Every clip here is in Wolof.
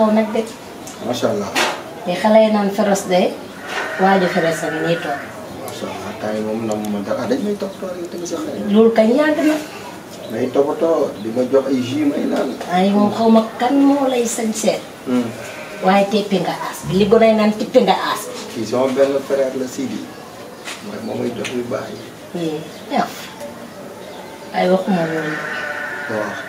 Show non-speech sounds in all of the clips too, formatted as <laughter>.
taxaw nag de. macha allah. te xale yi naan feros de waaju feros ak ñiy toog. moom na ma dara dañ may toppatoo rek dëgg sa xel. loolu kañ yàgg na. may toppatoo di ma jox ay jus may naan. ay moom xaw ma kan moo lay sañ seet. Hmm. waaye teppi nga aas li gën naan teppi nga aas. kii sama benn frère la Sidi moom mooy jox yu baax yi. yow ay waxuma loolu. waaw.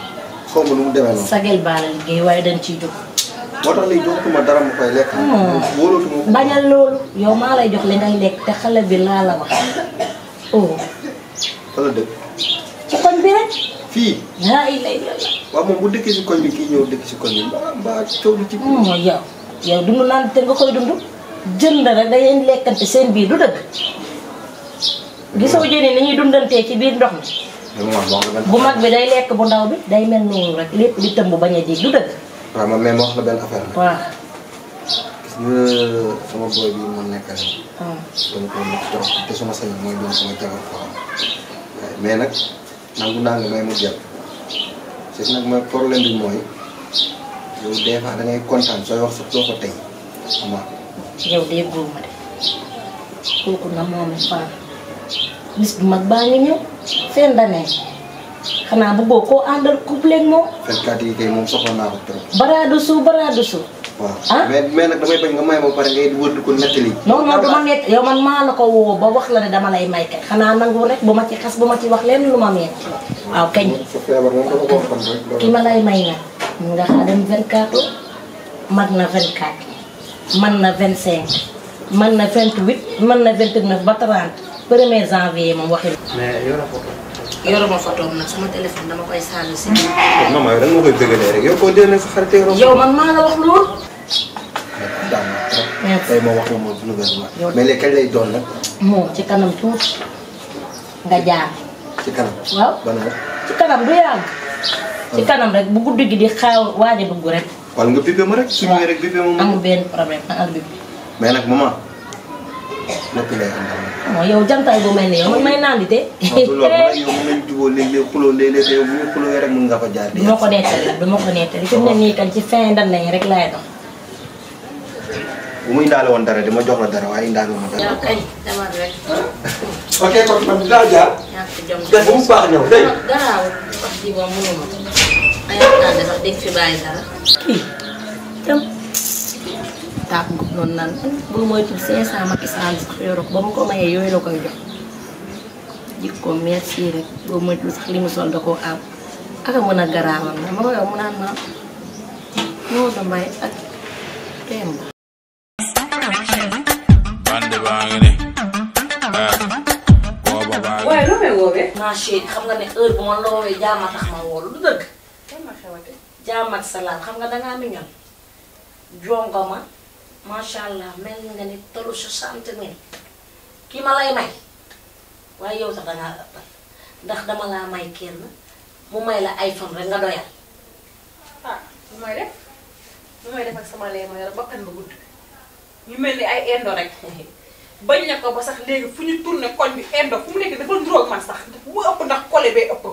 xaw ma nu mu demee noonu. sagel baa la waaye dañ ciy jóg. moo tax léegi joxatuma dara mu koy lekk. Hmm. wóolatuma ko bañal loolu. yow maa lay jox li ngay lekk te xale bi laa la wax. oh. fa la dëkk. ci koñ bi rek. fii. laa ilay lala. waaw moom bu dëkkee si koñ bi kii bi mbaa mbaa coow ci biir. Hmm, te nga koy lekkante seen biir du dëkk. gisoo jëne ni ñuy dundantee ci biir ndox mi. bu mag bi day lekk bu ndaw bi day mel noonu rek lépp di tëmb bañ a jig du dëgg. waaw man mais wax la benn affaire la. waaw. gis nga sama boy hmm. te mais nag nangu naa nga may mooy problème bi mooy des fois da ngay kontaan sooy wax sax doo ko tey ma de kooku na moom faam bis bu mag baa ngi ñëw. seen danee xanaa bëggoo koo àndal couple ak moom. fekkaat yi kay moom soxla naa ko su baraadu su. waaw ah? mais mais nag damay bañ nga may ba pare ngay wër di ko nettali. non non dama nett yow man maa la ko woo ba wax la ne dama lay may kay xanaa nangu rek bu ma ci xas bu ma ci wax leen lu ma mel. waaw kañ. ki ma lay may nag. mun nga xaadam 24 mag na 24 man na 25 man na 28 man na 29 ba 30. premier janvier moom waxi. mais yoroo photo. yoroo ma nag sama téléphone dama koy sànni si. kon maman yow da nga rek yow koo déglu sa xarit yow man maa la wax mais léegi lay doon nag. moom ci kanam tuuti nga jaar. ci kanam waaw ban ci kanam du yàgg. Ah. ci kanam rek bu guddi gi di xaaw waaj a dugg rek. wala nga bippé ma rek. suñu rek bippé ma amul benn problème ma ànd mais nag maman. noppi lay àndal. yow jantal bu mel ni yow man may naan di te. loolu loolu man yow mën nañu jubóo léeg-léeg xuloo léeg-léeg te yow bu ñu xuloo rek mën nga fa jaar. du ma ko nettali du ma ko nettali. waaw fi mu ne nii tam ci fin dan lañ rek laay dox. bu muy indaale woon dara dama jox la dara waaye indaale woon dara. kay dama rek. ok kon man dinaa jaar. def bu mu baax ñëw dégg nga. garaaw wax ji moom mënuma. ay waxtaan dafa dégg fi bàyyi dara. kii tam. ตาของนนนั้นบูมวยทุเสียสามกิสานสครบมก็ไมาเยยโลกยยิ่งกมีสีเลยบูมวยทุสลิมสวลดกอับอะก็มันกระรานมัก็ยมันนนู่นทอะต็มนาชีคำกันเนยเออบอลโลยามาตักมาวอลดึกยามาสลับคำกันดังงามิงยังจวงก็มา macha allah mel nga ni tollu soixante mille ma lay may waaye yow sax dangaa ëppal ndax dama laa may kenn mu may la iPhone rek nga doyal. ah lu may def lu may def ak sama lay ma yor bakkan ba gudd ñu mel ni ay indo rek <laughs> bañ na ko ba sax léegi fu ñu tourné koñ bi indo fu mu nekk dafa nduróog man sax bu ëpp ndax collé bee ëpp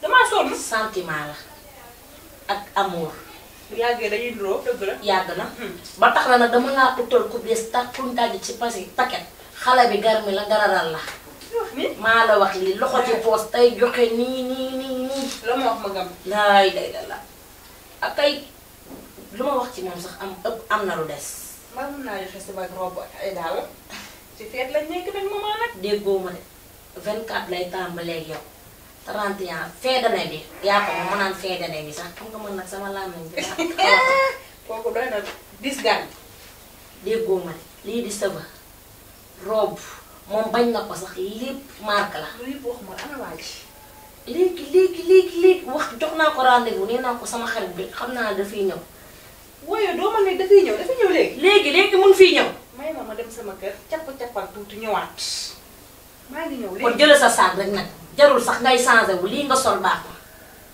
damaa sonn. sentiment la ak amour. bu yàggee dañuy duroo yàgg na hmm. ba tax na nag dama laa utal ku bees tax pour ci pasi paquet xale bi garmi la gararal la. maa la wax lii loxo ci poos tay joxe nii nii nii nii. la ma wax ma gam. laay day da la ak lu ma wax ci moom sax am ëpp am na lu des. maa mun naa joxe sama robe ay daal ci feet lañ nekk nag maman nag. déggoo ma de 24 lay tàmbaleeg yow. 30 ans fin d'année bi yaa ko ma naan fin d'année bi sama làmmiñ bi sax kooku doy na dis gan déggoo ma lii di sëba rob moom bañ na ko sax lépp marque la lépp wax ma ana waa ji léegi léegi léegi wax jox naa ko rendez-vous nee naa sama xarit bi xam naa dafay ñëw waaye doo ma ne dafay ñëw dafay ñëw léegi léegi mun fiy ñëw may ma ma dem sama kër capp cappal tuuti ñëwaat maa ngi ñëw léegi kon sa rek jarul sax ngay changé wu lii nga sol baax na.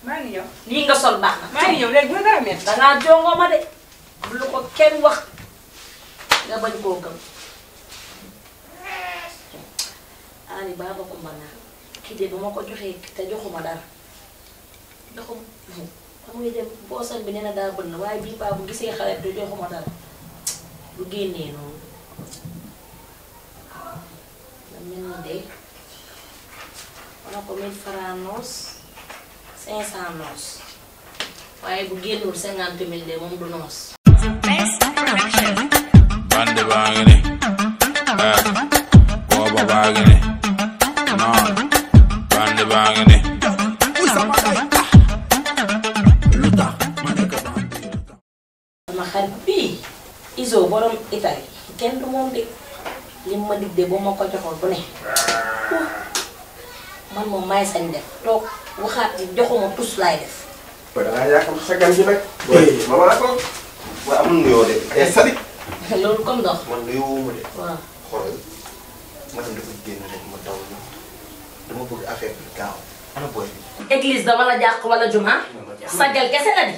maa ngi ñëw lii nga sol baax na. maa ngi ñëw léegi da ngaa jongoo ma de bu lu ko kenn wax nga bañ koo gëm. Ali Baba Kumba naa kii de bu ma ko joxee te joxuma dara joxuma xam nga dem boosan bi nee na daa bënn waaye bii baa bu gisee xale bi joxuma dara lu génnee noonu. man mel ni de. dama ko 1000 francs sanos. 500 noos waaye bu génnul 50 000 de moom bande baa ngi ne booba non bande baa ngi ne lu tax ma nekk borom italie kenn du moom de de bu ne man moom maay sañ def toog waxaat ji joxuma tus laay def. waaw da ngaa yaakaar sa gan gi nag. booy eh. ma maa ko. waaw amul nuyoo de. Eh, eh, <laughs> wala juma. sagal kese la di.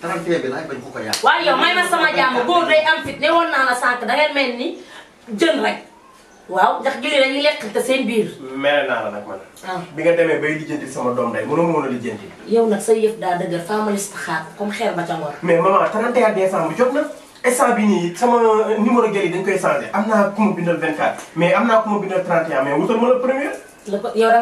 taranteer bi laay may ma sama jàmm góor day am fit ne naa la sànq da mel ni jën rek. waaw ndax julli dañuy lekk te seen biir. mere naa la nag man. Ah. bi nga demee bay lijjanti sama doom day mënoo mënoo lijjanti. sa yëf daa dëgër faa ma listixaar mais maman 31 décembre jot na instant bi nii sama euh, numéro gel yi dañ koy changé am naa ku mais am naa la premier. la yow da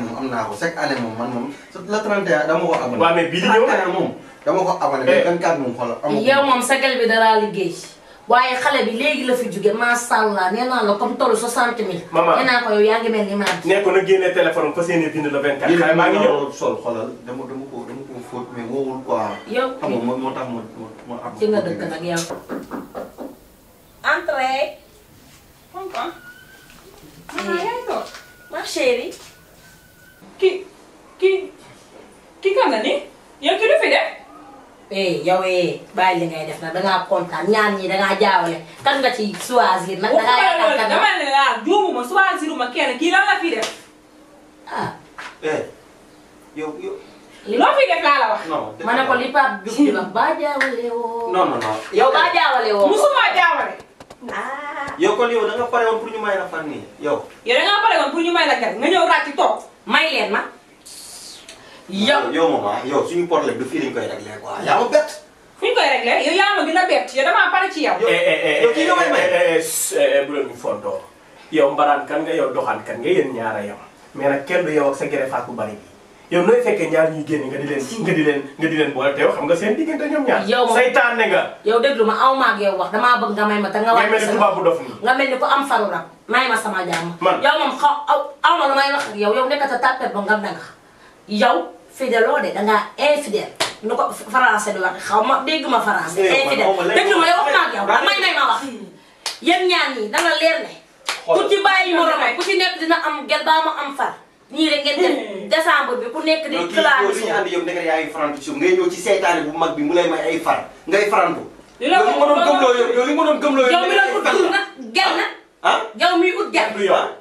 man ko chaque année moom man moom le 31 dama ko amoon. waaw mais bii di ñëw 31 moom. dama ko abonné mais 24 eh. moom xoolal amu yow moom sagal bi daraa liggéey. waaye xale bi léegi la fi jóge macha allah nee naa la comme tollu 60 mille. maman nee naa ko yow yaa ngi mel ni maa ngi. nekkul nag génne téléphone fas yéene bind la 24. xale maa ngi ñëw sol xoolal dama dama ko dama ko fóot mais woowul quoi. yow xam nga moo tax ma ma ma. ci nga dëkk nag yow. entrée. tonton. maman yaa ngi toog. ma chérie. ki ki ki kan la ni yow ki du fi def. eh yow eh bàyyi li ngay def nag da kontaan ñaan ñi da ngaa jaawale kan nga ci choisir nag da ngaa yaakaar kan dama ne la ah, juumuma choisiruma kenn kii lan la fi def. ah. eh yow yow. loo fi def laa la wax. non ma ne ko li Pape Diouf di wax hmm. ba jaawale woo. yow ba jaawale woo. musuma jaawale. ah. nga pare woon pour ñu may la fan nii yow. pare woon pour ñu may la gerte nga ñëw ràcc toog may ma. yow yow maman ah, ma bett. fu ñu koy réglé yow yaa ma gën a bett yow damaa pare ci yow. yow e nga may may. bu leen fontoo yow kan nga yow doxaan kan nga yéen ñaara yow mais nag kenn du yow ak sa gerefaat bu bari bi yow nooy fekkee ñaar ñuy génn nga di leen nga di leen nga di te yow xam nga seen diggante ñoom ñaar. yow saytaan ne nga. yow déglu ma aw ma ak yow wax damaa bëgg nga may ma te nga. wàññi sa tubaab bu dof nii. nga mel ma sama jàmm. man yow moom xaw aw ma lu may wax ak yow yow nekk sa tàppet nga danga yow fidèle de da ngaa infidèle nu ko français di wax xaw ma dégg eh, ma français. infidèle dégg ma yow wax naa ak yow may may ma wax. yéen ñaan ñi dana leer ne. ku ci bàyyi moromam ku ci nekk dina am gel baa ma am far. nii rek ngeen dem eh. bi ku nekk di. classé suñu ànd yow nekk yaa ngi farantu ngay ñëw bu mag bi mu lay may ay far ngay farantu. li la ko doon gëmloo yow yow li ma doon gëmloo yow. yow mi doon ut tur nag gel na. ah yow mi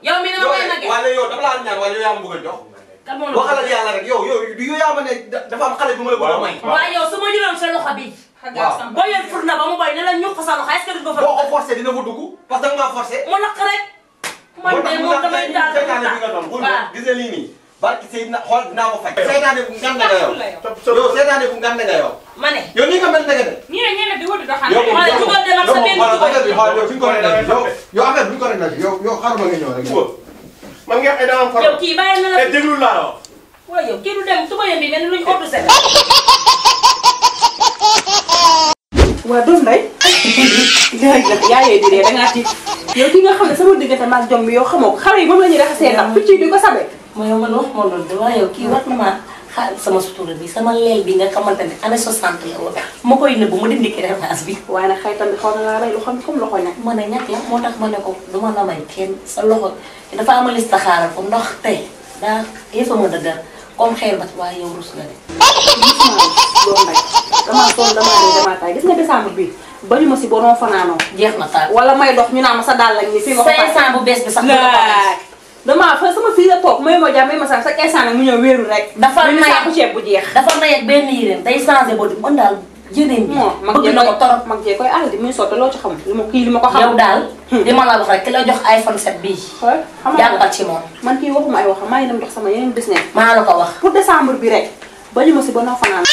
yow mi dama may na gel. yow dama laa ñaan a jox waxalal yàlla rek yow yow yaa ma dafa am xale la bëgg a may. waaw yow su ma jëloon sa bi. waaw boo leen ba mu bay ne la ñu ko sa loxo est-ce que du ko fa. boo ko forcé dina ko dugg parce que nga maa mu lakk rek. man de moom damay daal nga na xool dinaa ko bu nga yow yow seetaane bu ngan nga yow. ma ne yow nii nga mel ndege de. ñu ne ñeneen di wut di doxal. yow moom yow moom yow affaire bi xool yow fi ñu ko rey na yow yow affaire bi man nga ay dama faru. yow kii bàyyi na la te eh, déglu laa wax. waaw yow kii du dem su ko yëngu mel ni luñ ëpp seen. waa doom nday. yaayee di dee da ngaa tiit. yow ki nga xam ne sama diggante maag jom bi yow xamoo ko xale yi moom la ñuy raxasee ndax picc yi di ko sabe. mooy man wax ma loolu de waaye yow kii wat na maa. xaalis sama sutura bi sama leel bi nga xamante ne année 60 la woon ma koy nëbbu ma dindi créance bi. waaye nag xaytam bi xaw na laa rey lu xam comme loxo ñàkk. ma ne ñàkk la moo tax ma ne ko duma la may kenn sa loxo dafa am listixaara ko ndox tey daa yëfa ma dëgër comme xeer ba de. si borom fanaanoo. jeex na taal wala may dox ñu naan ma sa daal lañ ni fi nga ko. 500 bu bees bi sax. damaa fa sama fii la toog may ma jàmm may ma sax sa instant nag mu ñëw wéeru rek. dafa nay benn ceeb bu jeex. dafa nay ak benn yéreem day changé ba mën daal daal. Hmm. li ma moom. man kii waxuma ay waxam maa ngi dem dox sama yeneen business. maa la ko wax. pour décembre bi rek bañu ma si ba noo fanaan